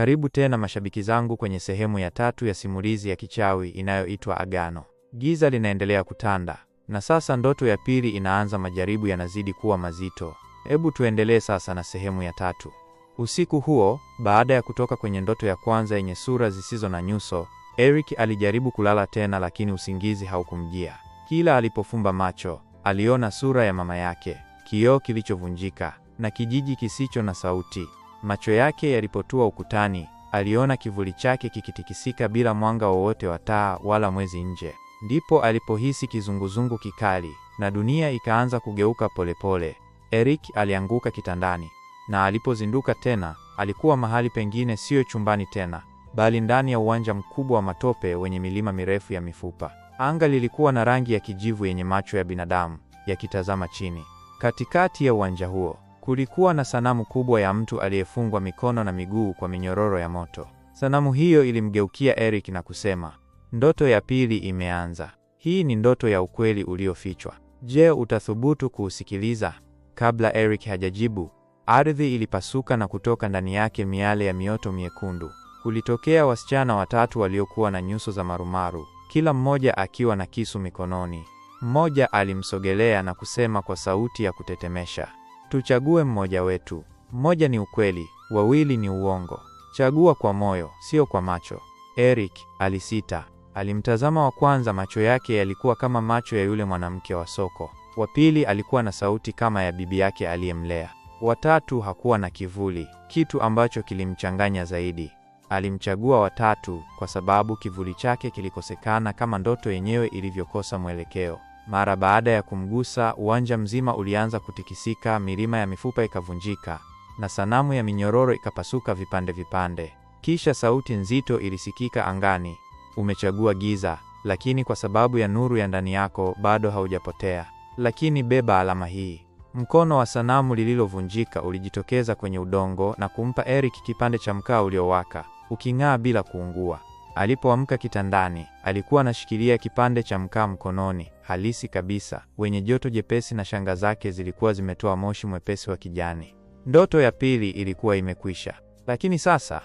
Karibu tena mashabiki zangu kwenye sehemu ya tatu ya simulizi ya kichawi inayoitwa Agano. Giza linaendelea kutanda, na sasa ndoto ya pili inaanza. Majaribu yanazidi kuwa mazito. Hebu tuendelee sasa na sehemu ya tatu. Usiku huo, baada ya kutoka kwenye ndoto ya kwanza yenye sura zisizo na nyuso, Eric alijaribu kulala tena, lakini usingizi haukumjia. Kila alipofumba macho, aliona sura ya mama yake, kioo kilichovunjika na kijiji kisicho na sauti. Macho yake yalipotua ukutani, aliona kivuli chake kikitikisika bila mwanga wowote wa taa wala mwezi nje. Ndipo alipohisi kizunguzungu kikali na dunia ikaanza kugeuka polepole. Eric alianguka kitandani, na alipozinduka tena alikuwa mahali pengine, siyo chumbani tena, bali ndani ya uwanja mkubwa wa matope wenye milima mirefu ya mifupa. Anga lilikuwa na rangi ya kijivu yenye macho ya binadamu yakitazama chini. Katikati ya uwanja huo Kulikuwa na sanamu kubwa ya mtu aliyefungwa mikono na miguu kwa minyororo ya moto. Sanamu hiyo ilimgeukia Eric na kusema, ndoto ya pili imeanza. Hii ni ndoto ya ukweli uliofichwa. Je, utathubutu kuusikiliza? Kabla Eric hajajibu, ardhi ilipasuka na kutoka ndani yake miale ya mioto miekundu. Kulitokea wasichana watatu waliokuwa na nyuso za marumaru, kila mmoja akiwa na kisu mikononi. Mmoja alimsogelea na kusema kwa sauti ya kutetemesha, Tuchague mmoja wetu. Mmoja ni ukweli, wawili ni uongo. Chagua kwa moyo, sio kwa macho. Eric alisita. Alimtazama wa kwanza, macho yake yalikuwa kama macho ya yule mwanamke wa soko. Wa pili alikuwa na sauti kama ya bibi yake aliyemlea. Watatu hakuwa na kivuli, kitu ambacho kilimchanganya zaidi. Alimchagua watatu kwa sababu kivuli chake kilikosekana kama ndoto yenyewe ilivyokosa mwelekeo. Mara baada ya kumgusa, uwanja mzima ulianza kutikisika, milima ya mifupa ikavunjika na sanamu ya minyororo ikapasuka vipande vipande. Kisha sauti nzito ilisikika angani, umechagua giza, lakini kwa sababu ya nuru ya ndani yako bado haujapotea. Lakini beba alama hii. Mkono wa sanamu lililovunjika ulijitokeza kwenye udongo na kumpa Eric kipande cha mkaa uliowaka uking'aa bila kuungua. Alipoamka kitandani, alikuwa anashikilia kipande cha mkaa mkononi, halisi kabisa, wenye joto jepesi na shanga zake zilikuwa zimetoa moshi mwepesi wa kijani. Ndoto ya pili ilikuwa imekwisha. Lakini sasa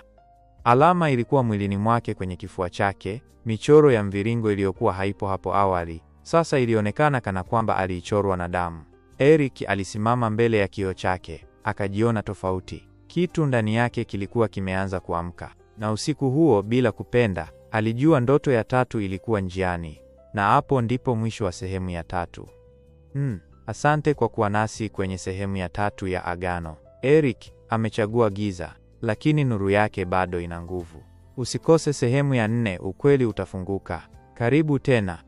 alama ilikuwa mwilini mwake, kwenye kifua chake, michoro ya mviringo iliyokuwa haipo hapo awali, sasa ilionekana kana kwamba aliichorwa na damu. Eric alisimama mbele ya kioo chake, akajiona tofauti. Kitu ndani yake kilikuwa kimeanza kuamka na usiku huo bila kupenda alijua ndoto ya tatu ilikuwa njiani, na hapo ndipo mwisho wa sehemu ya tatu. Hmm, asante kwa kuwa nasi kwenye sehemu ya tatu ya Agano. Eric amechagua giza, lakini nuru yake bado ina nguvu. Usikose sehemu ya nne, ukweli utafunguka. Karibu tena.